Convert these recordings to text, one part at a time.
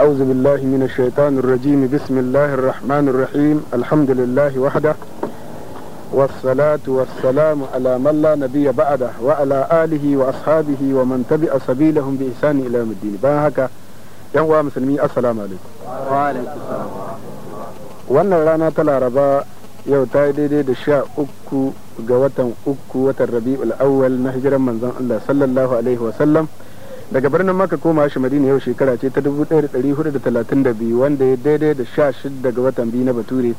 أعوذ بالله من الشيطان الرجيم بسم الله الرحمن الرحيم الحمد لله وحده والصلاة والسلام على من لا نبي بعده وعلى آله وأصحابه ومن تبع سبيلهم بإحسان إلى يوم الدين باهك ينوى مسلمي السلام عليكم وعليكم السلام wannan rana ta laraba yau ta yi daidai da sha uku ga watan uku watan rabi'ul awwal na hijiran manzon Allah sallallahu alaihi wasallam sallam daga birnin maka koma shi madina yau shekara ce ta 1432 wanda ya daidai da 16 daga watan biyu na bature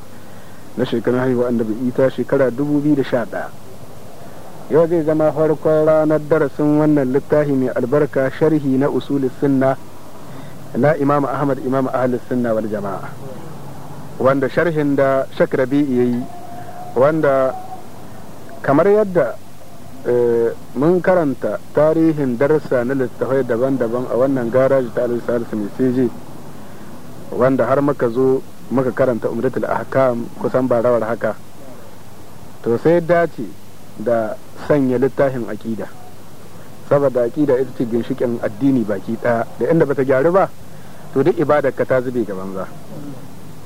na shekarun haihuwa bai ita shekara 2011 yau zai zama farkon ranar darasin wannan littafi mai albarka sharhi na usul sunna na imam ahmad imam ahli sunna wal jama'a wanda sharhin da shakrabi yayi wanda kamar yadda Eh, mun karanta tarihin darsa na littafai daban-daban a wannan garaji ta alisalisu mai siji wanda har maka zo maka karanta a ahkam kusan barawar haka to sai dace da sanya littafin akida saboda akida ita ce ginshikin addini baki ɗaya da inda bata gyaru ba to duk ibadar ka ta zube gaban banza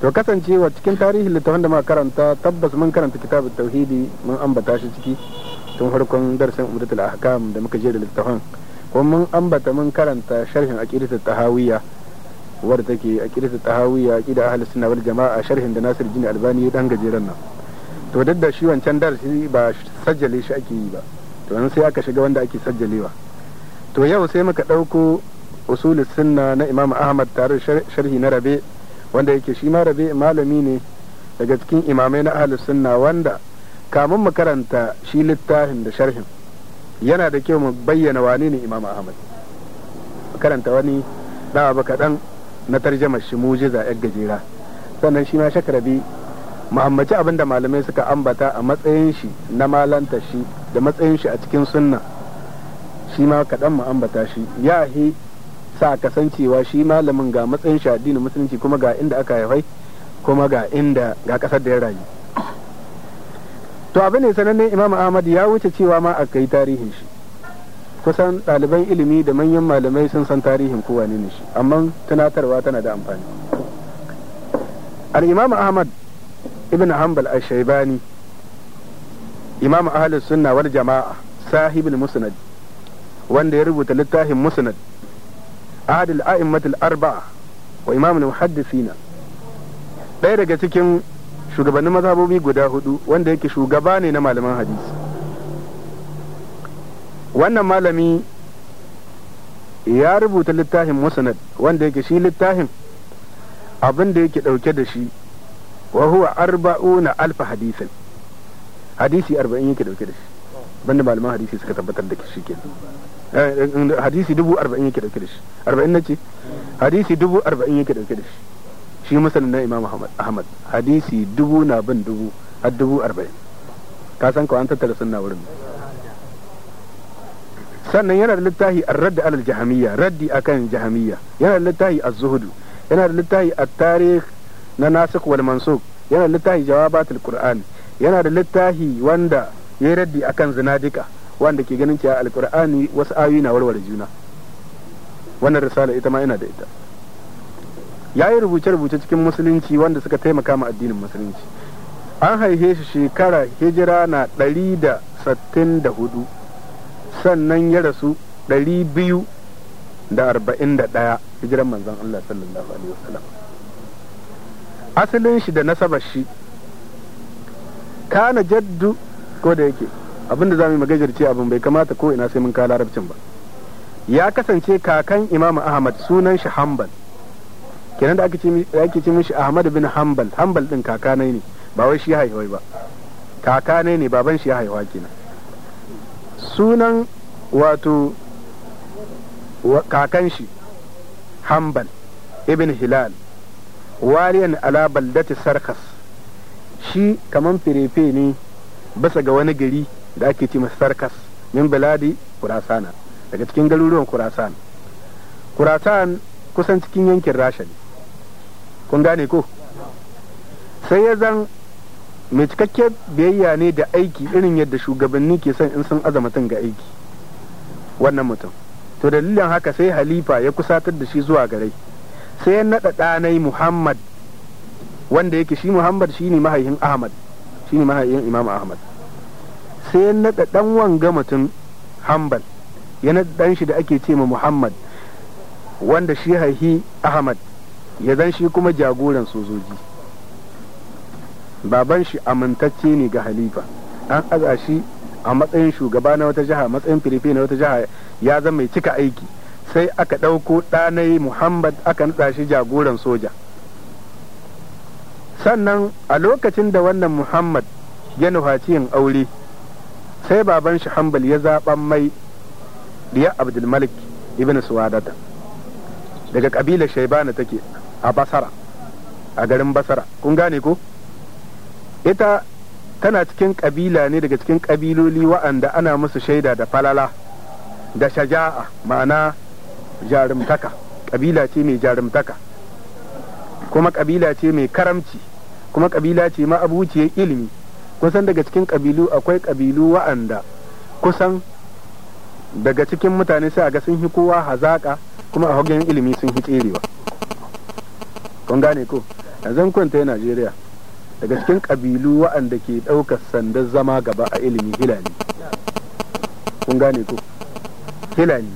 to kasancewa cikin tarihin littafin da muka karanta tabbas mun karanta kitabun tauhidi mun ambata shi ciki tun farkon darsin umdatul ahkam da muka je da littafan kuma mun ambata mun karanta sharhin ta tahawiyya wadda take aqidatul tahawiyya aqida ahlus sunna wal jamaa sharhin da Nasir Jini Albani ya dan gajeren nan to duk da shi wancan darasi ba sajjale shi ake yi ba to an sai aka shiga wanda ake sajjalewa to yau sai muka dauko usul sunna na Imam Ahmad tare sharhi na rabe wanda yake shi ma rabe malami ne daga cikin imamai na ahlus sunna wanda kamun mu karanta shi littafin da sharhin yana da kyau mu bayyana wani ne imam ahmad karanta wani dawa ba kaɗan na tarjamar shi mujiza yar gajera sannan shi ma shakarabi muhammaci abin da malamai suka ambata a matsayin shi na malanta shi da matsayin shi a cikin sunna shi ma kaɗan mu ambata shi ya hi sa kasancewa shi malamin ga matsayin shi addinin musulunci kuma ga inda aka haifai kuma ga inda ga ƙasar da ya rayu to abin ne sanannen imam ahmad ya wuce cewa ma a kai tarihin shi kusan ɗaliban ilimi da manyan malamai sun san tarihin kowa ne shi amma tunatarwa tana da amfani al-imam ahmad ibn hanbal al shaibani imam ahlus sunna wal jama'a sahibul musnad wanda ya rubuta littafin musnad adil a'immatul arba'a wa imamul muhaddisina ɗaya daga cikin shugabannin mazhabobi guda hudu wanda yake shugaba ne na malaman hadisi wannan malami ya rubuta littafin musnad wanda yake shi littafin abin da yake dauke da shi wa huwa arba'una alfa hadisin hadisi arba'in yake dauke da shi banda malaman hadisi suka tabbatar da shi kenan eh, eh, hadisi dubu arba'in yake dauke da shi arba'in na ce hadisi dubu arba'in yake dauke da shi shi masanin na imam ahmad hadisi dubu na bin dubu har dubu arba'in ka san kawai an tattara sunna wurin sannan yana da littafi a raddi alal jahamiyya raddi akan jahamiyya yana da littafi a zuhudu yana da littafi a tarih na nasikh wal mansuk yana da littafi jawabatul qur'an yana da littafi wanda ya yi raddi akan zinadika wanda ke ganin cewa Alkur'ani wasu ayoyi na warware juna wannan risala ita ma yana da ita ya yi rubuce-rubuce cikin musulunci wanda suka taimaka ma addinin musulunci an haife shi shekara hijira na ɗari da da hudu sannan ya rasu ɗari biyu da arba'in da ɗaya hijiran manzan Allah sallallahu alaihi wasallam asalin shi da nasabar shi kana jaddu ko da yake abinda za mu magajarce abin bai kamata ko ina sai mun kala larabcin ba ya kasance kakan imamu ahmad sunan shi hanbal kenan da ake ce mishi Ahmad bin Hanbal Hanbal din kaka ne ba wai shi haihuwa ba kaka ne ne baban shi haihuwa kenan sunan wato kakan shi Hanbal ibn Hilal waliyan ala baldati Sarkas shi kaman firefe ne bisa ga wani gari da ake ce masa Sarkas min biladi Kurasana daga cikin garuruwan Kurasan Kurasan kusan cikin yankin Rasha ne kun gane ko sai ya zan mai cikakken biyayya ne da aiki irin yadda shugabanni ke son in sun azamatin ga aiki wannan mutum to dalilin haka sai halifa ya kusatar da shi zuwa garai sai ya naɗa ɗanai muhammad wanda yake shi muhammad shi ne mahaihin ahmad shi ne mahaihin imam ahmad sai ya naɗa ɗan wanga mutum hambal ya naɗa ɗan shi da ake ce ma muhammad wanda shi haihi ahmad ya zan shi kuma jagoran sojoji baban shi amintacce ne ga halifa an aza shi a matsayin shugaba na wata jiha matsayin firife na wata jiha ya zama mai cika aiki sai aka ɗauko ɗanai muhammad aka nutsa shi jagoran soja sannan a lokacin da wannan muhammad ya nufaci yin aure sai baban shi hambal ya zaɓan mai diya abdulmalik ibn suwadata daga ƙabilar shaibana take a basara a garin basara kun gane ko ita tana cikin kabila ne daga cikin kabiloli wa'anda ana musu shaida da falala da shaja'a ma'ana jarumtaka kabila ce mai jarumtaka kuma kabila ce mai karamci kuma kabila ce ma'abuciyar ilimi kusan daga cikin kabilu akwai kabilu wa'anda kusan daga cikin mutane sai a ga sun hi kowa hazaƙa kuma a hagen ilimi sun hi tserewa kun gane ko yanzu kwanta ya najeriya daga cikin ƙabilu waɗanda ke ɗaukar sandar zama gaba a ilimi hilali kun gane ko hilali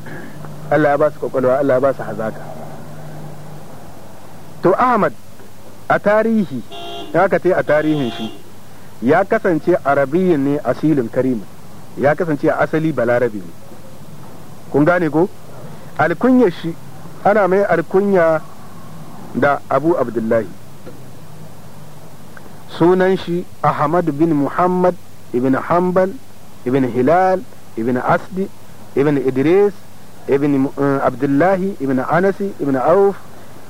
allah ya ba su kwakwalwa allah ya ba su hazaka to ahmad a tarihi ya ka a tarihin shi ya kasance arabiyin ne asilin karimin ya kasance a asali balarabi ne kun gane ko alkunyar shi ana mai alkunya da abu abdullahi sunan shi ahmad bin muhammad ibn hanbal ibn hilal ibn asdi ibn idris ibn eh, abdullahi ibn anasi ibn auf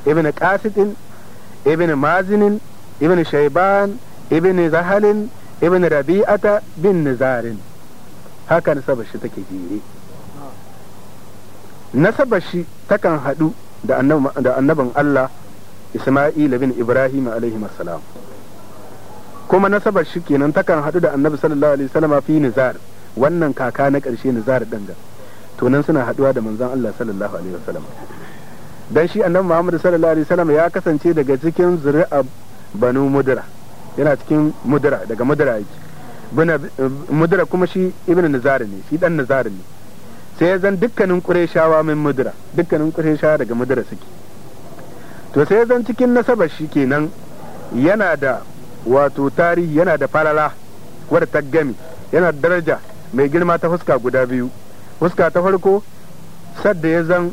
ibn qasitin ibn mazinin ibn shaiban ibn zahalin ibn rabi'ata bin nizarin haka nasabar shi take jere nasabar shi takan haɗu da annaban Allah Isma'il bin Ibrahim alaihi salam kuma nasabar shi kenan takan haɗu da annabi sallallahu alaihi wasallam fi nizar wannan kaka na ƙarshe nizar ɗin ga to nan suna haɗuwa da manzon Allah sallallahu alaihi wasallam dan shi annabi Muhammad sallallahu alaihi wasallam ya kasance daga cikin zuri'a banu mudra yana cikin mudra daga mudra yake bana mudra kuma shi ibn nizar ne shi dan nizar ne sai zan dukkanin qurayshawa min mudra dukkanin qurayshawa daga mudra suke to sai zan cikin nasaba shi kenan yana da wato tarihi yana da falala wadda ta gami yana da daraja mai girma ta fuska guda biyu fuska ta farko sadda ya zan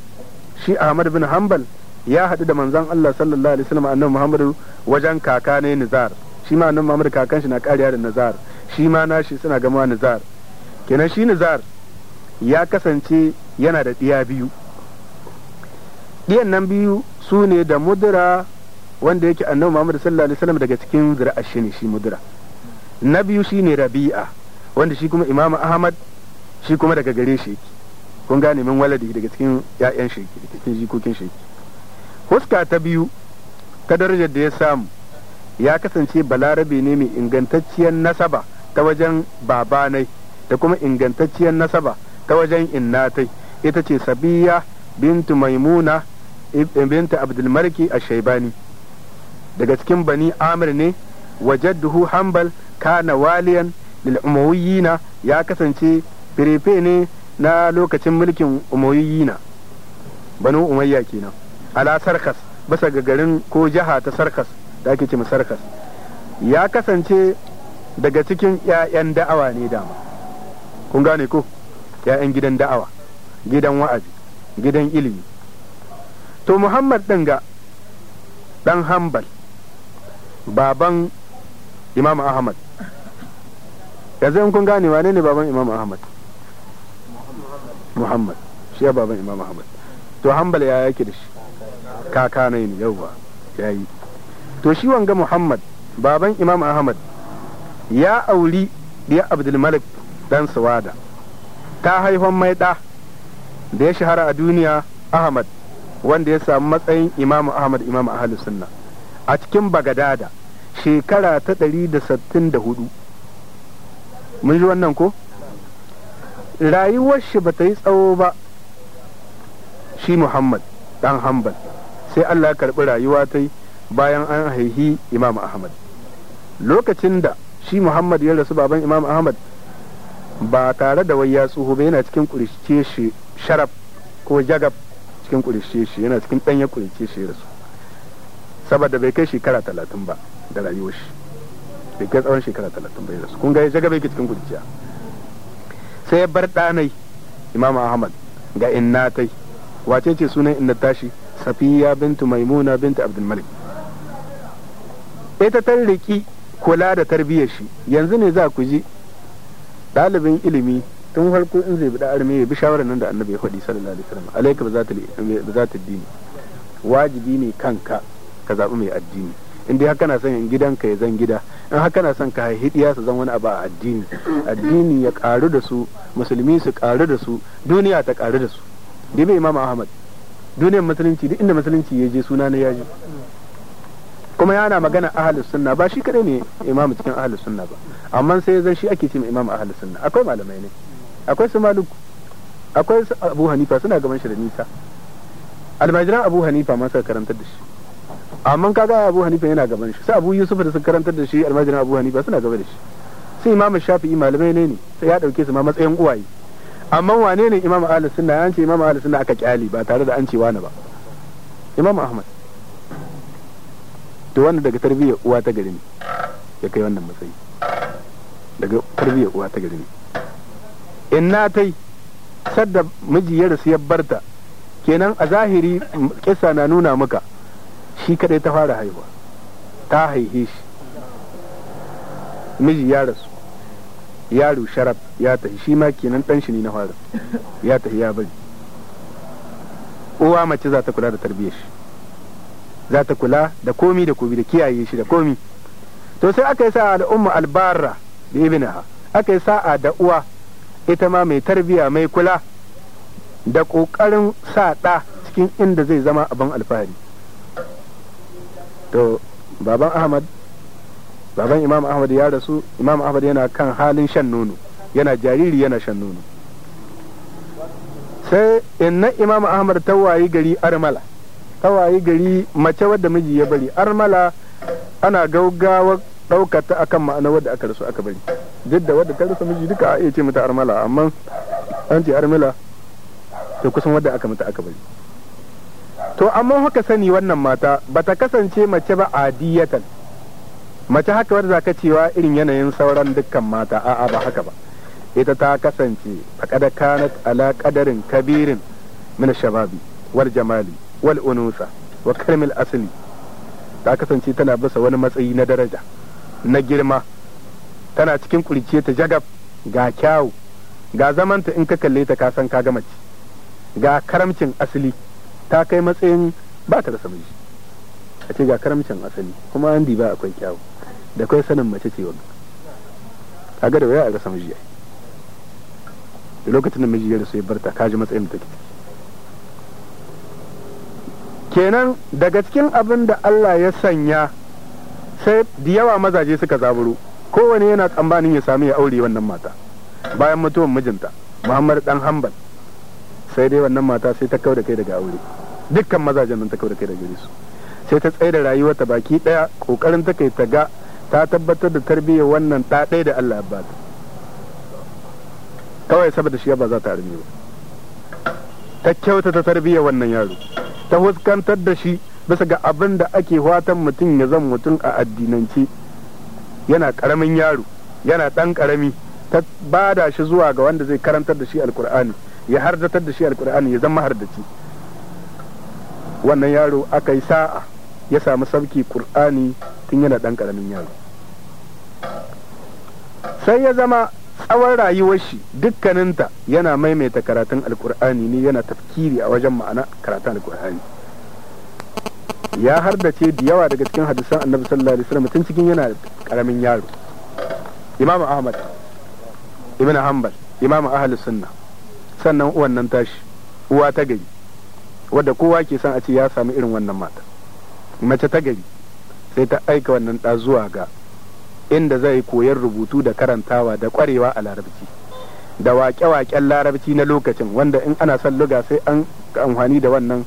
shi ahmad bin Hambal ya haɗu da manzan allah sallallahu alaihi wasallam annabi muhammadu wajen kaka ne nizar shi ma annabi muhammadu kakan shi na kariya da nizar shi ma nashi suna gama nizar kenan shi nizar ya kasance yana da ɗiya biyu ɗiyan nan biyu su ne da mudura wanda yake annabi Muhammad sallallahu alaihi wasallam daga cikin zira'a shi ne shi mudura na biyu shi ne rabi'a wanda shi kuma imam ahmad shi kuma daga gare shi kun gane min waladi daga cikin ya'yan shi cikin jikokin shi huska ta biyu ta darajar da ya samu ya kasance balarabe ne mai ingantacciyar nasaba ta wajen babanai da kuma ingantacciyar nasaba ta wajen innatai ita ce sabiya bintu maimuna binta abdulmarki a shaibani daga cikin bani amir ne waje wajadduhu hambal kana waliyan lil umawiyina ya kasance firife ne na lokacin mulkin umawiyina banu umayya kenan ala sarkas bisa ga garin ko jiha ta sarkas da ake sarkas ya kasance daga cikin 'ya'yan da'awa ne dama kun gane ko 'ya'yan gidan da'awa gidan wa'azi gidan ilimi to muhammad ɗin ga ɗan hambal baban imam ahmad yanzu in kun gane wane ne baban imam ahmad muhammad shi ya baban imam ahmad to hambal ya yake da shi kaka na ne yauwa ya yi to shi wanga muhammad baban imam ahmad ya auri diya abdulmalik dan suwada ta haifan mai da da ya shahara a duniya ahmad wanda ya samu matsayin imamu ahmad imamu ahalus sunna a cikin bagadada shekara ta ɗari da sattin da hudu mun ji wannan ko rayuwar shi ba ta yi tsawo ba shi muhammad dan hanbal sai allah karɓi rayuwa ta bayan an haihi imamu ahmad lokacin da shi muhammad ya rasu baban imamu ahmad ba tare da wai ya tsoho ba yana cikin shi sharaf ko jagab cikin kurishe shi yana cikin ɗanyar ƙurishe shi ya rasu saboda bai kai shekara talatin ba da rayuwar shi bai kai tsawon shekara talatin ba ya rasu kun ga ya shaga bai cikin ƙuriciya sai ya bar ɗanai imam ahmad ga innatai wace ce sunan inna tashi safiya bintu maimuna bintu abdulmalik ita ta kula da tarbiyyar shi yanzu ne za ku ji ɗalibin ilimi tun farko in zai bida arme ya bi shawarar nan da annabi ya faɗi sallallahu alaihi wasallam alaika bi zati dini wajibi ne kanka ka zaɓi mai addini in dai haka na son gidanka ya zan gida in haka na son ka haihidiya su zan wani abu a addini addini ya karu da su musulmi su karu da su duniya ta karu da su bai imam ahmad duniyar musulunci duk inda musulunci ya je suna na yaji kuma yana magana ahlus sunna ba shi kadai ne imam cikin ahlus sunna ba amma sai zan shi ake ce imam ahlus sunna akwai malamai ne akwai su malik akwai su abu hanifa suna gaban shi da nisa almajiran abu hanifa ma suka karantar da shi amma kaga abu hanifa yana gaban shi sai abu yusuf da suka karantar da shi almajiran abu hanifa suna gaba da shi sai imam shafi'i malamai ne ne sai ya dauke su ma matsayin uwaye amma wane ne imam ahlus sunna an ce imam ahlus sunna aka kyale ba tare da an ce wani ba imam ahmad to wanda daga tarbiyyar uwa ta gari ne ya kai wannan matsayi daga tarbiyyar uwa ta gari ne inna yi, sadda miji ya rasu ya barta kenan a zahiri kisa na nuna muka, shi kadai ta fara haihuwa ta haihe shi miji ya rasu yaro sharaf ya tafi shi ma kenan dan shi ne na fara ya tafi ya bari uwa mace za ta kula da tarbiyyar shi za ta kula da komi da komi da kiyaye shi da komi to sai aka yi sa'a da umma albarra da ibnaha aka yi sa'a da uwa ita ma mai tarbiya mai kula da ƙoƙarin sa ɗa cikin inda zai zama abin alfahari to baban ahmad baban imam ahmad ya rasu imam ahmad yana kan halin shan nono yana jariri yana shan nono sai inna imam ahmad ta gari armala ta gari mace wadda miji ya bari armala ana gaugawa ɗauka ta akan ma'ana wadda aka rasu aka bari duk da wadda ta rasu miji duka a iya ce mata armala amma an ce armala to kusan wadda aka mata aka bari to amma haka sani wannan mata ba ta kasance mace ba adiyatan mace haka wadda za ka cewa irin yanayin sauran dukkan mata a'a ba haka ba ita ta kasance kada kanat ala qadarin kabirin min shababi wal jamali wal unusa wa karmil asli ta kasance tana bisa wani matsayi na daraja na girma tana cikin kurciye ta jagab ga kyawu ga zamanta in ka kalle ta ka san ka gama ci ga karamcin asali ta kai matsayin ba ta rasa miji a ce ga karamcin asali kuma an ba akwai kyawu da kai sanin mace ce wani kaga da waya a rasa miji da lokacin da miji ya rasu ya barta ka ji matsayin da take kenan daga cikin abin da Allah ya sanya sai da yawa mazaje suka zaburo kowane yana tsammanin ya sami ya aure wannan mata bayan mutuwan mijinta muhammad dan hanbal sai dai wannan mata sai ta kauda kai daga aure dukkan mazajen nan ta kauda kai daga gare su sai ta tsaye da rayuwarta baki daya kokarin ta kai ta ga ta tabbatar da tarbiyyar wannan ta ɗaya da Allah ya bata kawai saboda shi ba za ta arme ba ta kyauta ta tarbiyyar wannan yaro ta huskantar da shi bisa ga abin da ake watan mutum ya zan mutum a addinance yana karamin yaro yana ɗan karami ta ba shi zuwa ga wanda zai karantar da shi alkur'ani ya hardatar da shi alkur'ani ya zama hardaci wannan yaro aka yi sa'a ya sami sauki kur'ani tun yana ɗan karamin yaro sai ya zama tsawon rayuwar shi dukkaninta yana maimaita karatun alkur'ani ne yana tafkiri a wajen ma'ana karatun alkur'ani ya hardace da yawa daga cikin hadisan annabi sallallahu alaihi wasallam tun cikin yana karamin yaro imam ahmad ibn hanbal imam ahli sunna sannan uwan nan tashi uwa ta gari wadda kowa ke son a ce ya sami irin wannan mata mace ta gari sai ta aika wannan da zuwa ga inda zai koyar rubutu da karantawa da kwarewa a larabci da waƙe-waƙen larabci na lokacin wanda in ana son luga sai an amfani da wannan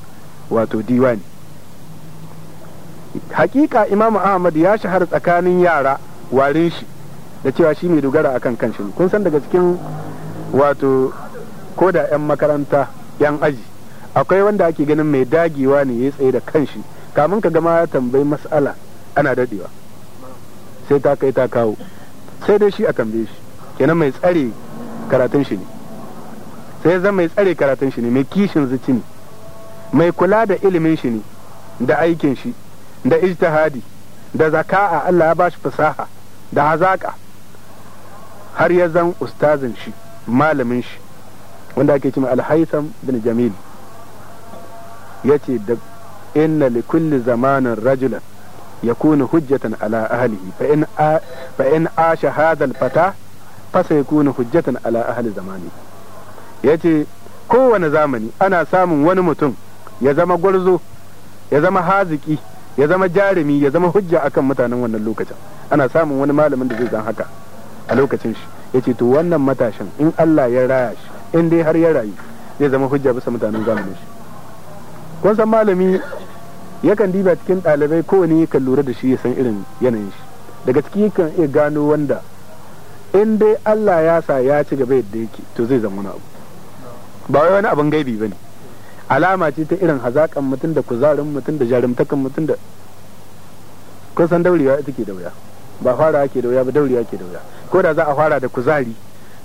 wato diwani hakika imam ahmad ya shahara tsakanin yara warin shi da cewa shi mai dogara akan kanshi kun san daga cikin wato ko da 'yan makaranta 'yan aji akwai wanda ake ganin mai dagewa ne ya tsaye da kanshi kamun ka gama ya tambayi mas'ala ana dadewa sai ta kai ta kawo sai dai shi a tambaye shi kenan mai tsare karatun shi ne sai zan mai tsare karatun shi ne mai kishin zuci ne mai kula da ilimin shi ne da aikin shi da ijtihadi da zaka'a Allah ya bashi fasaha da hazaka har ya zan ustazin shi malamin shi wanda ake cewa alhaitham bin jamil yace da inna li kulli zamanin rajulan yakunu hujjatan ala ahlihi fa in fa in asha hadha al-fata fa sayakunu hujjatan ala ahli zamani yace kowane zamani ana samun wani mutum ya zama gwarzo ya zama haziki ya zama jarumi ya zama hujja akan mutanen wannan lokacin ana samun wani malamin da zai zan haka a lokacin shi ya ce to wannan matashin in Allah ya raya shi in dai har ya rayu zai zama hujja bisa mutanen zamanin shi kun san malami yakan diba cikin ɗalibai ne kan lura da shi ya san irin yanayin shi daga ciki kan iya gano wanda in dai Allah ya sa ya ci gaba yadda yake to zai zama wani abu ba wai wani abin gaibi bane alama ce ta irin hazaƙan mutum da kuzarin mutum da jarumtakan mutum da kusan daurewa ita ke dauya ba fara ke dauya ba daurewa ke dauya ko da za a fara da kuzari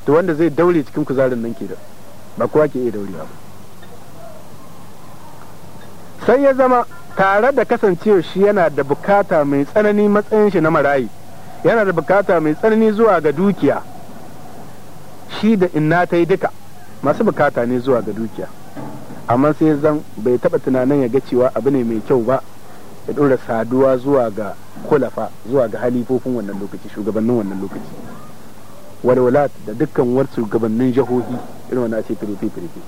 to wanda zai daure cikin kuzarin nan ke da ba kowa ke iya daurewa ba sai ya zama tare da kasancewa shi yana da bukata mai tsanani matsayin shi na marayi yana da bukata mai tsanani zuwa ga dukiya shi da inna ta yi duka masu bukata ne zuwa ga dukiya amma sai zan bai taba tunanin ya ga cewa abu ne mai kyau ba ya ɗora saduwa zuwa ga kulafa zuwa ga halifofin wannan lokaci shugabannin wannan lokaci walwalat da dukkan wasu shugabannin jihohi irin wannan ce firifi firifi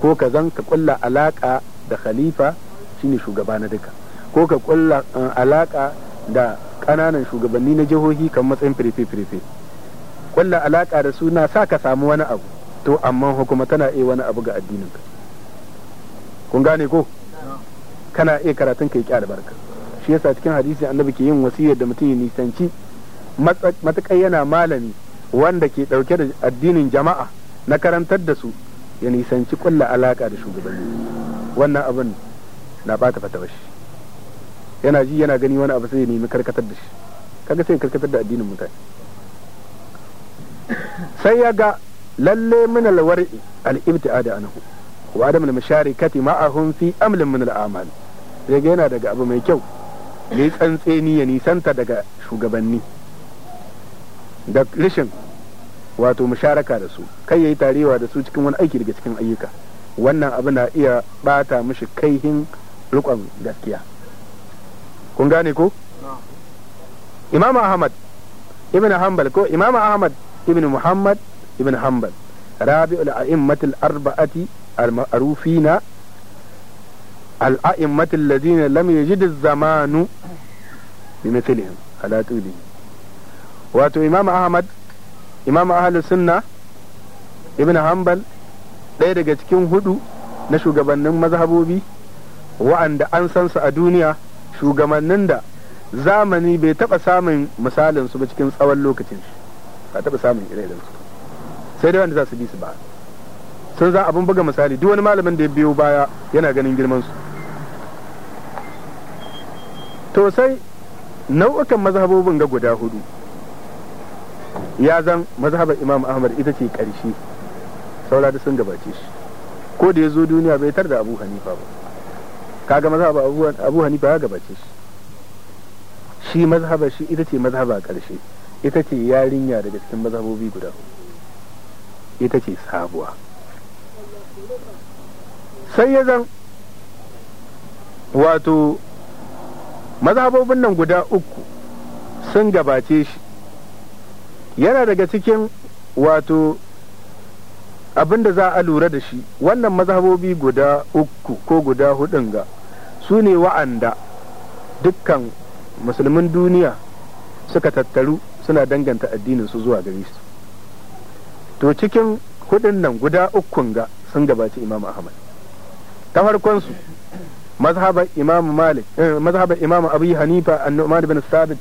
ko ka zan ka kulla alaka da khalifa shine shugaba na duka ko ka kulla eh, alaka da ƙananan shugabanni na jihohi kan matsayin firifi firifi kulla alaka da suna sa ka samu wani abu to amma hukuma tana iya wani abu ga addinin ka kun gane ko kana iya karatun kai kyara barka shi yasa cikin hadisi annabi ke yin wasiyar da mutum ya nisanci matakai yana malami wanda ke dauke da addinin jama'a na karantar da su ya nisanci kulla alaka da shugabanni wannan abin na bata fata bashi yana ji yana gani wani abu sai ya nemi karkatar da shi kaga sai karkatar da addinin mutane sai ya ga lalle min alwar'i al-ibti'ada anahu wa adam al mu ma'ahum fi amlin min al-amal daga yana daga abu mai kyau ne tsantseni ya nisanta daga shugabanni da rishin wato musharaka da su kai yayi tarewa da su cikin wani aiki daga cikin ayyuka wannan abu na iya bata mishi kaihin rikon gaskiya kun gane ko imam ahmad ibn hanbal ko imam ahmad ibn muhammad ibn hanbal rabi'ul a'immatil arba'ati المعروفين الأئمة الذين لم يجد الزمان بمثلهم على طوله wato imam ahmad imam ahal sunna ibn hanbal ɗaya daga cikin hudu na shugabannin mazhabobi wa'anda an san su a duniya shugabannin da zamani bai taɓa samun misalin su ba cikin tsawon lokacin shi ba taɓa samun irin su sai dai wanda za su bi su ba sun za abin buga misali duk wani malamin da ya biyo baya yana ganin girman su to sai nau'ukan mazhabobin ga guda hudu ya zan mazhabar imam ahmad ita ce ƙarshe saura da sun gabace shi ko da ya zo duniya bai tar da abu hanifa ba kaga mazhabar abu hanifa ya gabace shi shi mazhabar shi ita ce mazhaba ƙarshe ita ce yarinya daga cikin mazhabobi guda ita ce sabuwa sai ya zan wato mazhabobin nan guda uku sun gabace shi yana daga cikin wato abin da za a lura da shi wannan mazhabobi guda uku ko guda hudun ga su ne wa'anda dukkan musulmin duniya suka tattaru suna danganta addinin su zuwa gare su to cikin hudun nan guda ukun ga sun gabaci imam ahmad ta su mazhabar imam malik eh, mazhabar imam abu hanifa annu'man bin sabit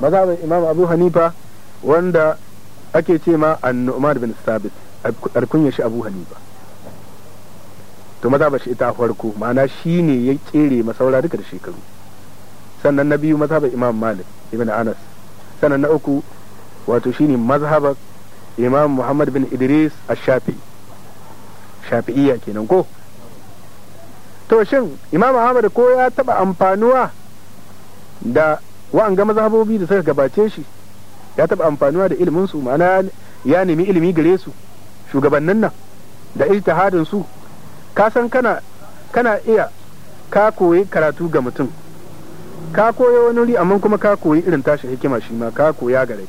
mazhabar imam abu hanifa wanda ake ce ma annu'man bin sabit alkunya shi abu hanifa to mazhabar shi ita farko ma'ana shi ne ya kere masaura duka da shekaru sannan na biyu mazhabar imam malik ibn anas sannan na uku wato shine mazhabar imam muhammad bin idris ash shafi shafi'iyya kenan ko to shin imam ahmad ko ya taba amfanuwa da ga mazhabobi da suka gabace shi ya taba amfanuwa da ilimin su ma'ana ya nemi ilimi gare su shugabannin nan da ijtihadin su ka san kana kana iya ka koyi karatu ga mutum ka koyi wani wuri amma kuma ka koyi irin tashi hikima shi ma ka koya gare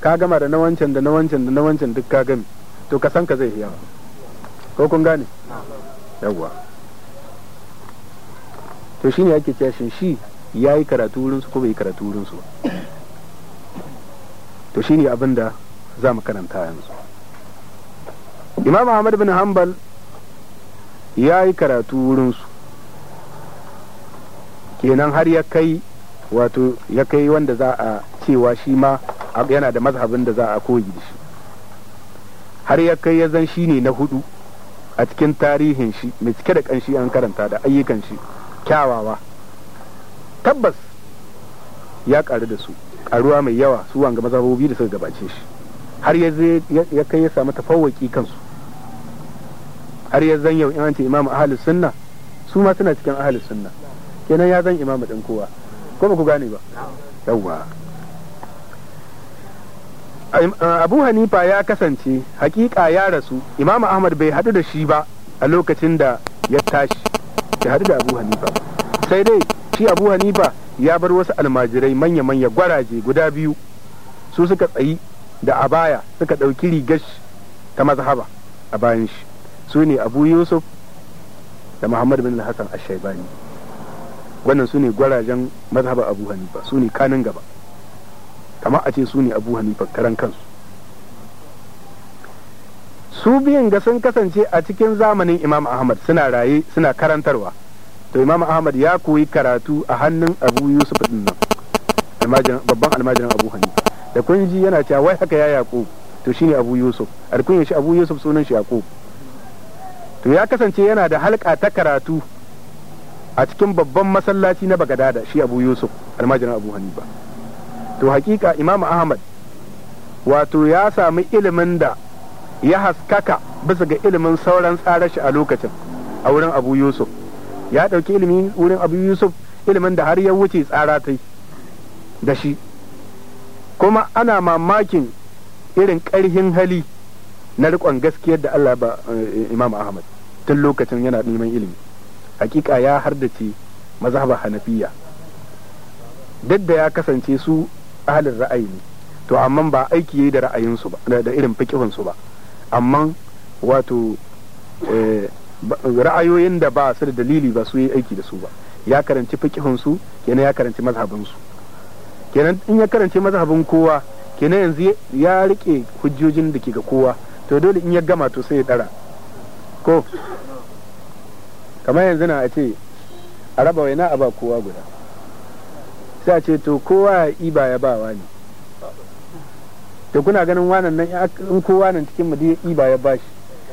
ka gama da na wancan da na wancan da na duk ka gami to ka san ka zai yawa ko kun gane yawwa to shine ake cewa shi shi yayi karatu wurin su ko bai karatu wurin su to shine abin da za mu karanta yanzu imam ahmad bin hanbal ya yi karatu wurinsu kenan har ya kai wato ya kai wanda za a cewa shi ma yana da mazhabin da za a koyi da shi har ya kai ya zan shi ne na hudu a cikin tarihin shi mai cike da kanshi an karanta da ayyukan shi kyawawa tabbas ya karu da su karuwa mai yawa su wanga mazhabobi da suka gabace shi har ya kai ya samu tafawaki kansu har ya zan yau in imamu ahalus sunna su ma suna cikin ahalus sunna kenan ya zan imamu din kowa ko ba ku gane ba yawwa abu hanifa ya kasance hakika ya rasu imamu ahmad bai hadu da shi ba a lokacin da ya tashi bai har da abu hanifa sai dai shi abu hanifa ya bar wasu almajirai manya-manya gwaraje guda biyu su suka tsayi da abaya suka ɗauki rigash ta mazhaba a bayan shi su ne abu yusuf da muhammad bin hassan ashaibani wannan su ne gwarajen mazhaba abu hanifa su ne kanin gaba kamar a ce su ne abu hanifa karan kansu su biyun ga sun kasance a cikin zamanin imam ahmad suna raye suna karantarwa to imam ahmad ya koyi karatu a hannun abu yusuf din nan babban almajirin abu hanifa da kun ji yana cewa wai haka ya yaqub to shine abu yusuf alkunya shi abu yusuf sunan shi yaqub to ya kasance yana da halka ta karatu a cikin babban masallaci na bagadada shi abu yusuf almajirin abu hanifa to hakika imam ahmad wato ya sami ilimin da ya haskaka bisa ga ilimin sauran tsara shi a lokacin a wurin abu yusuf ya ɗauki ilimin wurin abu yusuf ilimin da har ya wuce tsara ta da shi kuma ana mamakin irin ƙarhin hali na riƙon gaskiyar da allah ba eh, imam ahmad tun lokacin yana neman ilimi hakika ya hardace mazhabar hanafiya duk da ya kasance su ahalin ra'ayi ne to amma ba aiki ya yi da ra'ayinsu ba da irin fikihunsu ba amma wato eh, ra'ayoyin da ba su da dalili ba su yi aiki da su ba ya karanci fikihun su kenan ya karanci mazhabin su kenan in ya karanci mazhabin kowa kenan yanzu ya rike hujjojin da ke ga kowa to dole in ya gama to sai ya dara ko kamar yanzu na a ce a raba waina a ba kowa guda sai a ce to kowa ya iba ya bawa ne to kuna ganin wannan nan in ko wanan cikin mu dai iba ya bashi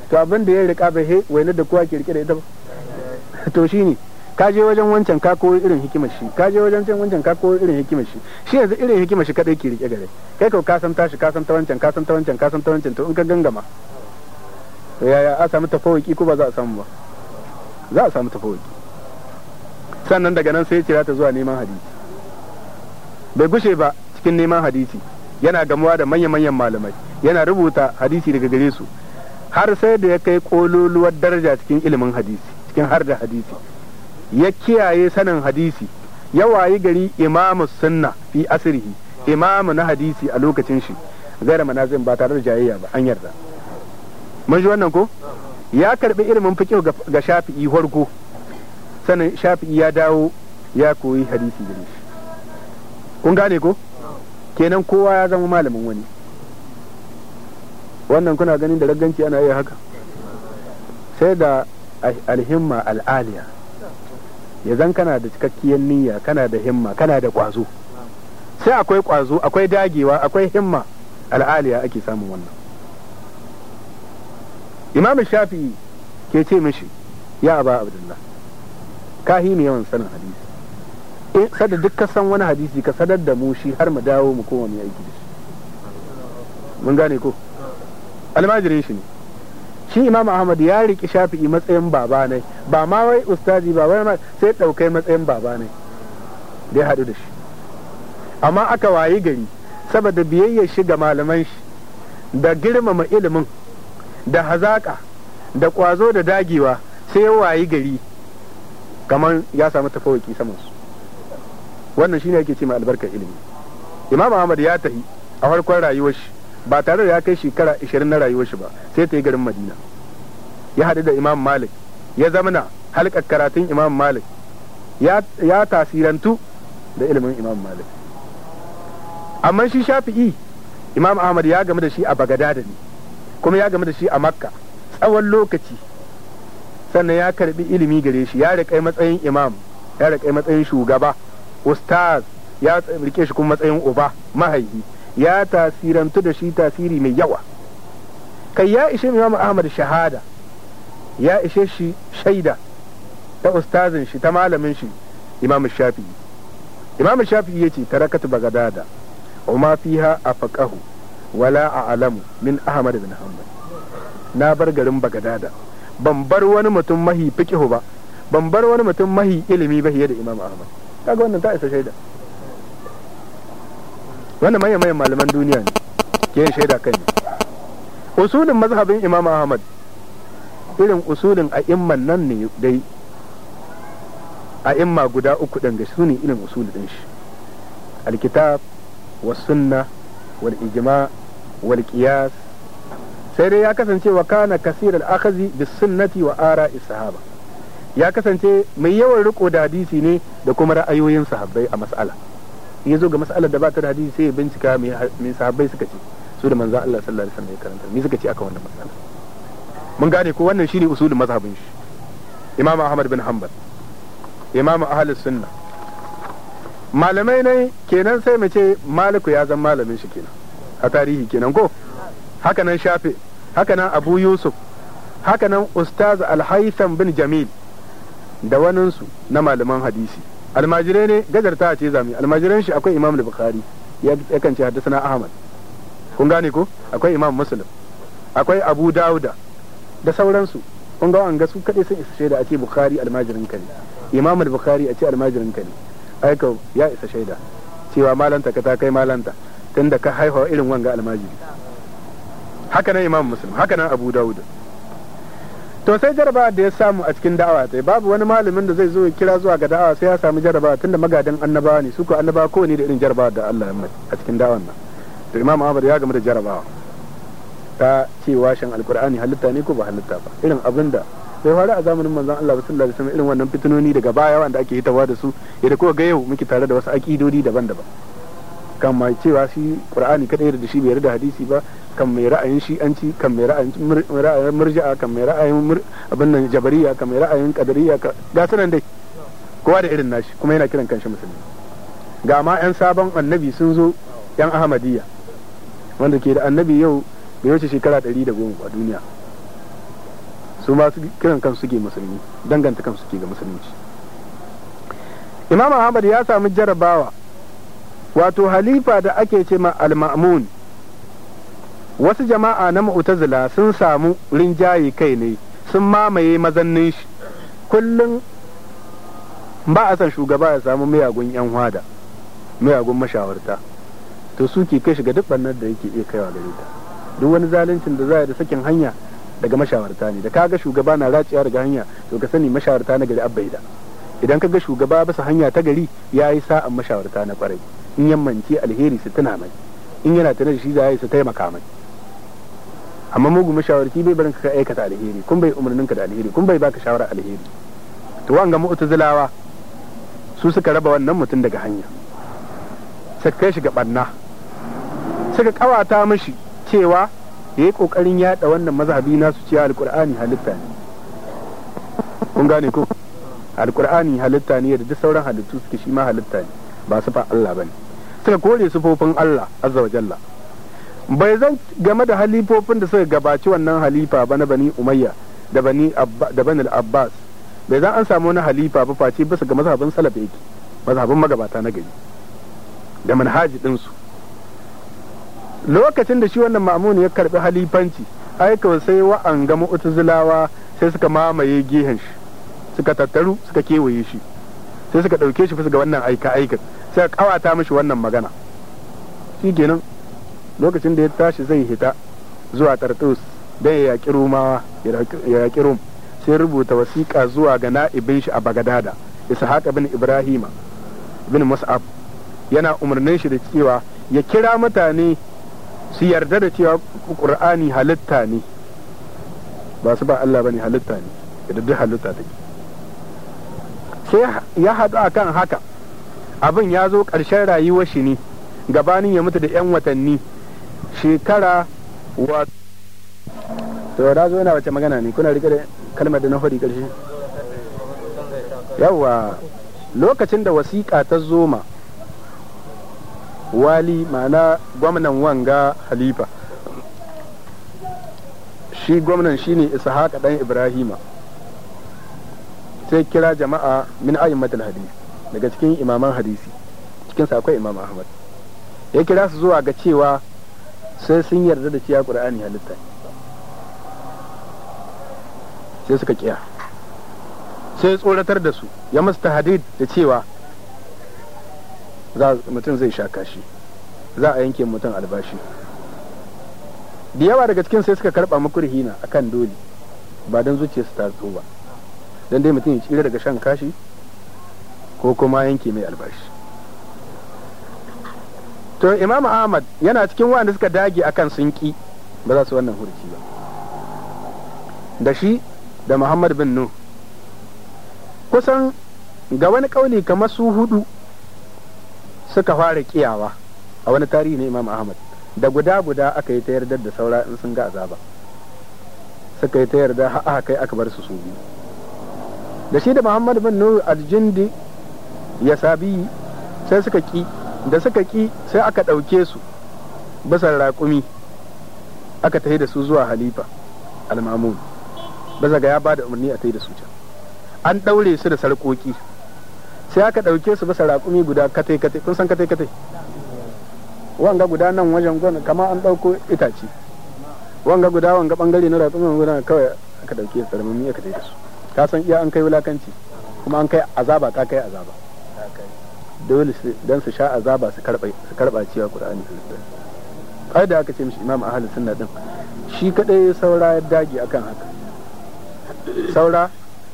to abin da ya rika ba he wainar da kowa ke rike da ita ba to shine ka je wajen wancan ka koyi irin hikimar shi ka je wajen wancan ka ko irin hikimar shi shi yanzu irin hikimar shi kadai ke rike gare kai ko ka san tashi ka san ta wancan ka san ta wancan ka san ta wancan to in ka gangama to yaya a samu tafawuki ko ba za a samu ba za a samu tafawuki sannan daga nan sai ya kira ta zuwa neman hadisi bai gushe ba cikin neman hadisi yana gamuwa da manya-manyan malamai yana rubuta hadisi daga gare su har sai da ya kai kololuwar daraja cikin ilimin hadisi cikin har da hadisi ya kiyaye sanin hadisi ya wayi gari imamu sunna fi asirhi imamu na hadisi a lokacin shi gaira manazin ba tare da jayayya ba an yarda mun ji wannan ko ya karbi ilimin fiqh ga shafi'i farko sanin shafi'i ya dawo ya koyi hadisi gare shi kun gane ko kenan kowa ya zama malamin wani wannan kuna ganin da ragganci ana yi haka sai da alhimma al'aliya ya zan kana da cikakkiyar niyya kana da himma kana da kwazo sai akwai kwazo akwai dagewa akwai himma al'aliya ake samun wannan imamu shafi'i ke ce mishi ya ba abdullah kahi ne yawan sanin hadisi in eh, sada duk ka san wani hadisi ka sadar da mu shi har mu dawo mu koma mu aiki da shi mun gane ko almajiri shi ne shi imam ahmad ya riki shafi'i matsayin baba ne ba ma wai ustazi ba wai sai daukai matsayin baba ne da ya hadu da shi amma aka wayi gari saboda biyayyar shi ga malaman shi da girmama ilimin da hazaka da kwazo da dagewa sai ya wayi gari kamar ya samu tafawaki samansu wannan shine yake ce mai albarkar ilimi imam ahmad ya tafi a farkon rayuwar shi ba tare da ya kai shekara 20 na rayuwar shi ba sai ta yi garin madina ya hadu da imam malik ya zamana halkar karatun imam malik ya tasirantu da ilimin imam malik amma shi shafi'i imam ahmad ya game da shi a bagadada ne kuma ya game da shi a makka tsawon lokaci sannan ya karbi ilimi gare shi ya riƙa matsayin imam ya riƙa matsayin shugaba ustaz ya rike shi kuma matsayin uba mahaifi ya tasirantu da shi tasiri mai yawa kai ya ishe imam ahmad shahada ya ishe shi shaida ta ustazin shi ta malamin shi imam shafi'i imam shafi'i yace tarakatu bagadada umma fiha afaqahu wala a'lamu min ahmad ibn hanbal na bar garin bagadada ban bar wani mutum mahi fiqhu ba ban bar wani mutum mahi ilimi ba da imam ahmad kaga wannan ta isa shaida wannan manyan manyan malaman duniya ne ke yin shaida kai usulin mazhabin imam ahmad irin usulin a imman nan ne dai a imma guda uku ɗin gashi su ne irin usulin ɗin shi alkitab wa sunna wal ijma wal qiyas sai dai ya kasance wa kana kasiral akhazi bis sunnati wa ara sahaba ya kasance mai yawan riko da hadisi ne da kuma ra'ayoyin sahabbai a mas'ala ya zo ga mas'alar da ba ta da hadisi sai ya bincika mai sahabbai suka ce su da manzo Allah sallallahu alaihi wasallam ya karanta me suka ce aka wannan mas'ala mun gane ko wannan shine usulin mazhabin shi Imam Ahmad bin Hanbal Imam Ahlus Sunna malamai ne kenan sai mu ce Maliku ya zama malamin shi kenan a tarihi kenan ko haka nan Shafi haka nan Abu Yusuf haka nan Ustaz Al-Haytham bin Jamil da waninsu na malaman hadisi almajirai ne gajar a ce zami almajiran shi akwai imam bukhari ya kan ce haddasa ahmad kun gane ko akwai imam muslim akwai abu dauda da sauransu kun ga wanga su kadai sun isa shaida a ce bukhari almajirin ka ne imam bukhari a ce almajirin ka ne aika ya isa shaida cewa malanta ka ta kai malanta tunda ka haihuwa irin wanga almajiri haka nan imam muslim haka nan abu dauda to sai jarabawa da ya samu a cikin da'awa sai babu wani malamin da zai zo ya kira zuwa ga da'awa sai ya samu jarabawa tunda magadan annabawa ne su ko annabawa ne da irin jarabawa da Allah ya a cikin da'awan nan to imam Ahmad ya gamu da jarabawa ta ce shan alkur'ani halitta ne ko ba halitta ba irin abin da bai fara a zamanin manzon Allah sallallahu alaihi wasallam irin wannan fitinoni daga baya wanda ake hitawa da su yadda ko ga yau muke tare da wasu akidodi daban-daban kan mai cewa shi qur'ani kadai da shi bai yarda hadisi ba kan mai ra'ayin shi'anci kan mai ra'ayin murji'a kan mai ra'ayin abin nan jabariya kan mai ra'ayin kadariya ga sunan dai kowa da irin nashi kuma yana kiran kanshi musulmi ga ma yan sabon annabi sun zo yan ahmadiyya wanda ke da annabi yau bai wuce shekara ɗari da goma a duniya su ma su kiran kansu suke musulmi danganta kansu suke ga musulunci imam ahmad ya sami jarabawa wato halifa da ake ce ma al-ma'mun wasu jama'a na mu'tazila sun samu rinjaye kai ne sun mamaye mazannin shi kullum ba a san shugaba ya samu miyagun yan hwada miyagun mashawarta to su ke kai shiga duk da yake iya kaiwa gare ta duk wani zaluncin da za da sakin hanya daga mashawarta ne da kaga shugaba na raciya daga hanya to ka sani mashawarta na gari abbaida idan kaga shugaba basa hanya ta gari ya yi sa'an mashawarta na kwarai in yammanci alheri su tuna mai in yana tana da shi za su taimaka mai amma mugu mashawarci bai barin ka aikata alheri kun bai umarnin ka da alheri kun bai baka shawara alheri to wanga mu'tazilawa su suka raba wannan mutum daga hanya suka kai shi ga banna suka kawata mishi cewa ya yi kokarin yada wannan mazhabi su cewa alqur'ani halitta ne kun gane ko alqur'ani halitta ne da sauran halittu suke shi ma halitta ne ba su fa Allah bane suka kore sufofin Allah azza wa jalla bai zan game da halifofin da suka gabaci wannan halifa ba na bani umayya da bani da bani abbas bai zan an samu wani halifa ba face bisa ga mazhabin salaf yake mazhabin magabata na gari da manhaji ɗinsu lokacin da shi wannan mamun ya karbi halifanci aika sai wa'an ga mu'tazilawa sai suka mamaye gehen shi suka tattaru suka kewaye shi sai suka ɗauke shi ga wannan aika aika sai kawata mishi wannan magana shi kenan lokacin da ya tashi zai hita zuwa tartus don ya yaƙi rumawa ya yaƙi rum sai rubuta wasiƙa zuwa ga na'ibin shi a bagadada haka bin ibrahima bin mus'ab yana umarnin shi da cewa ya kira mutane su yarda da cewa qur'ani halitta ne ba su ba Allah bane halitta ne da duk halitta take sai ya haɗu akan haka abin ya zo ƙarshen rayuwar shi ne gabanin ya mutu da 'yan watanni shekara wa to da zo yana wace magana ne kuna rike da kalmar da na hori karshe yawa lokacin da wasiƙa ta zoma wali ma'ana gwamnan wanga halifa shi gwamnan shine haka dan ibrahima sai kira jama'a min a'immatul hadith daga cikin imaman hadisi cikin akwai imam ahmad ya kira su zuwa ga cewa sai sun yarda da cewa qur'ani halitta sai suka kiya sai tsoratar da su ya masta hadid da cewa mutum zai sha kashi za a yanke mutum albashi da yawa daga cikin sai suka karba makurhina akan dole ba don zuciya su zo ba don dai mutum ya tsira daga shan kashi ko kuma yanke mai albashi to imam ahmad yana cikin wanda suka dage akan sun ki ba za su wannan hurci ba da shi da muhammad bin nu kusan ga wani kauli kamar su hudu suka fara kiyawa a wani tarihi na imam ahmad da guda guda aka yi ta yarda da saura in sun ga azaba suka yi ta yarda aka kai aka bar su su biyu da shi da muhammad bin Nu aljindi ya sabi sai suka ki da suka ƙi sai aka ɗauke su basar raƙumi aka tafi da su zuwa halifa almamun ba ga ya ba da umarni a tafi da su can an ɗaure su da sarƙoƙi sai aka ɗauke su basar raƙumi guda katai katai kun san katai katai wanga guda nan wajen gwana kama an ɗauko itace wanga guda wanga ɓangare na raƙumin guda kawai aka ɗauke su sarmami aka tafi da su ka san iya an kai wulakanci kuma an kai azaba ka kai azaba dole dan su sha azaba su karba su karba cewa qur'ani kai da aka ce mishi imam ahli sunna din shi kadai saura ya dage akan haka saura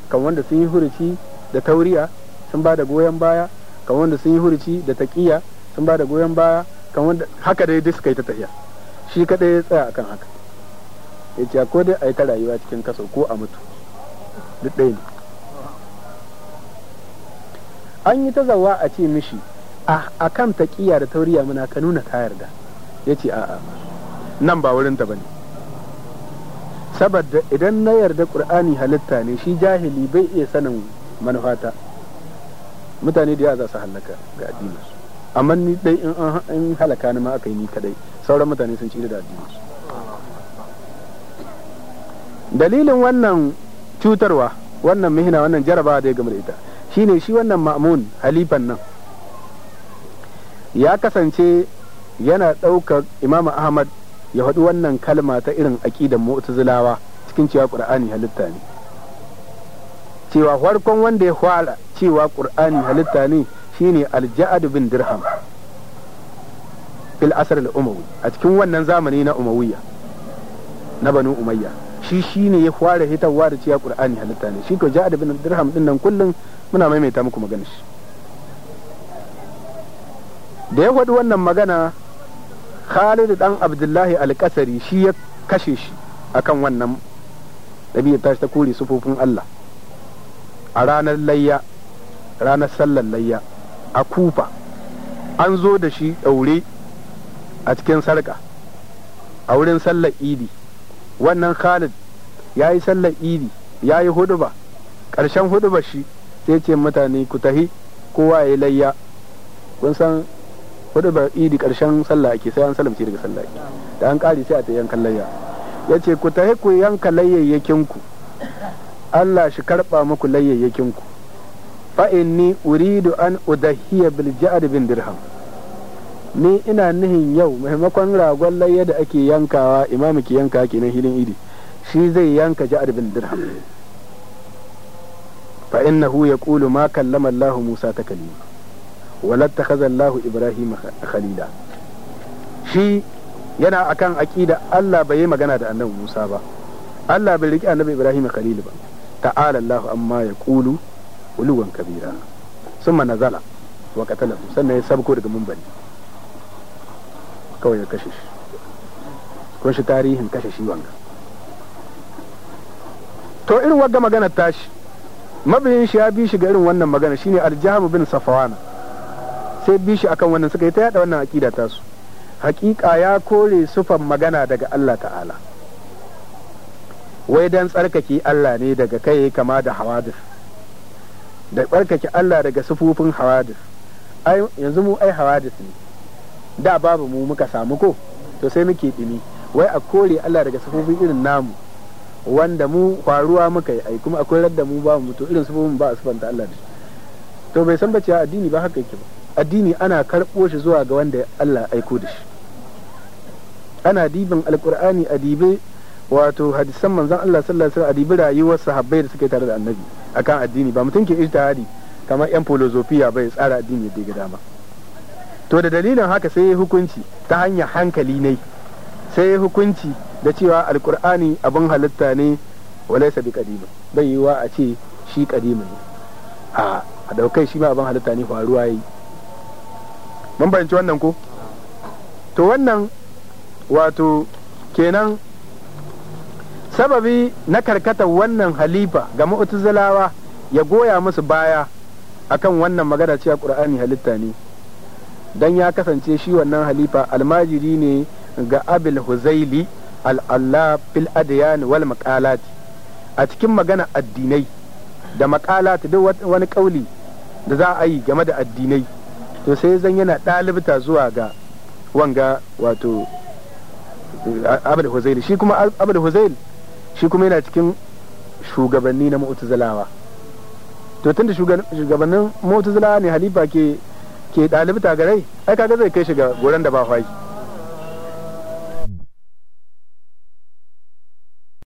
kan wanda sun yi hurici da tauriya sun ba da goyon baya kan wanda sun yi hurici da taqiya sun ba da goyon baya kan wanda haka dai duka suka ta tafiya shi kadai ya tsaya akan haka ya ko dai a yi ta rayuwa cikin kaso ko a mutu duk ɗaya ne an yi ta zawa a ce mishi a kan taƙiya da tauriya muna ka nuna ka yarda ya ce a'a nan ba wurin ta bane saboda idan na yarda ƙur'ani halitta ne shi jahili bai iya sanin manufata mutane da yawa za su halaka ga addininsu amma ni dai in halaka ni ma aka yi ni kadai sauran mutane sun ci da addininsu dalilin wannan cutarwa wannan mihina wannan jaraba da ya gama da ita shine shi wannan ma'amun halifan nan ya kasance yana ɗaukar imamu ahmad ya haɗu wannan kalma ta irin aƙidan mu'tazilawa cikin cewa ƙur'ani halitta ne cewa farkon wanda ya fara cewa ƙur'ani halitta ne shine alja'ad bin dirham fil asr al a cikin wannan zamani na umawiya na banu umayya shi shi ne ya fara hitarwa da a ƙur'ani halitta ne shi ko da bin dirham din nan kullum muna maimaita muku magana shi da ya faɗi wannan magana Khalid dan Abdullahi al kasari shi ya kashe shi akan wannan ɗabi'ar ta ta kore sufofin Allah a ranar layya ranar sallar layya a kufa an zo da shi ɗaure a cikin sarka a wurin sallar idi wannan khalid ya yi sallar idi ya yi huduba ƙarshen huduba shi sai ce mutane ku tahi kowa ya yi layya kun san huduba idi ƙarshen sallah ake sai an salamci daga sallah da an ƙari sai a ta yankan layya ya ce ku tahi ku yanka layyayyakin ku Allah shi karɓa muku layyayyakin ku fa inni uridu an udahiya bil ja'd bin dirham ni ina nihin yau maimakon ragon layya da ake yankawa imamu ke yanka na hilin idi shi zai yanka ja'ar arbin dirham fa ya kulu ma kallama Allah Musa ta kalima takalima ta takhadha Allah Ibrahim khalila shi yana akan aqida Allah bai yi magana da annabi Musa ba Allah bai riki annabi Ibrahim khalil ba ta'ala Allah amma kulu uluwan kabira summa nazala wa qatalahu sannan ya sabko daga munbari kawai ya kashe shi kun shi tarihin kashe shi wanga to irin wagga magana tashi mabiyin shi ya bi shi ga irin wannan magana shine aljahamu bin safawana sai bi shi akan wannan suka yi ta yada wannan akida tasu hakika ya kore sufan magana daga Allah ta'ala wai dan tsarkake Allah ne daga kai kama da hawadis da tsarkake Allah daga sufufin hawadis ai yanzu mu ai hawadis ne da babu mu muka samu ko to sai muke dimi wai a kore Allah daga sufofin irin namu wanda mu faruwa muka yi ai kuma akwai radda mu ba mu to irin sufofin ba a sufanta Allah da to bai san bace addini ba haka yake ba addini ana karɓo shi zuwa ga wanda Allah aiko da shi ana dibin alqur'ani a wato hadisan manzon Allah sallallahu alaihi wasallam a dibi rayuwar sahabbai da suke tare da annabi akan addini ba mutum ke ijtihadi kamar yan filosofiya bai tsara addini da gida to da dalilin haka sai ya hukunci ta hanyar hankali ne sai ya hukunci da cewa alkur'ani abin halitta ne walaisa bi kadima bai yiwa a ce shi kadima ne a daukai shi ma abin halitta ne faruwa yi mun fahimci wannan ko to wannan wato kenan sababi na karkatar wannan halifa ga mu'tazilawa ya goya musu baya akan wannan magana cewa qur'ani halitta ne dan ya kasance shi wannan halifa almajiri ne ga abil huzaili al'allah fil adiyan wal maqalat a cikin magana addinai da maqalat duk wani kauli da za a yi game da addinai to sai zan yana dalibta zuwa ga wanga wato eh, abil huzaili shi kuma abil huzail shi kuma yana cikin shugabanni na mu'tazilawa to tunda shugabannin mu'tazilawa ne halifa ke ke ta garai ai kaga zai kai shi ga goran da ba faki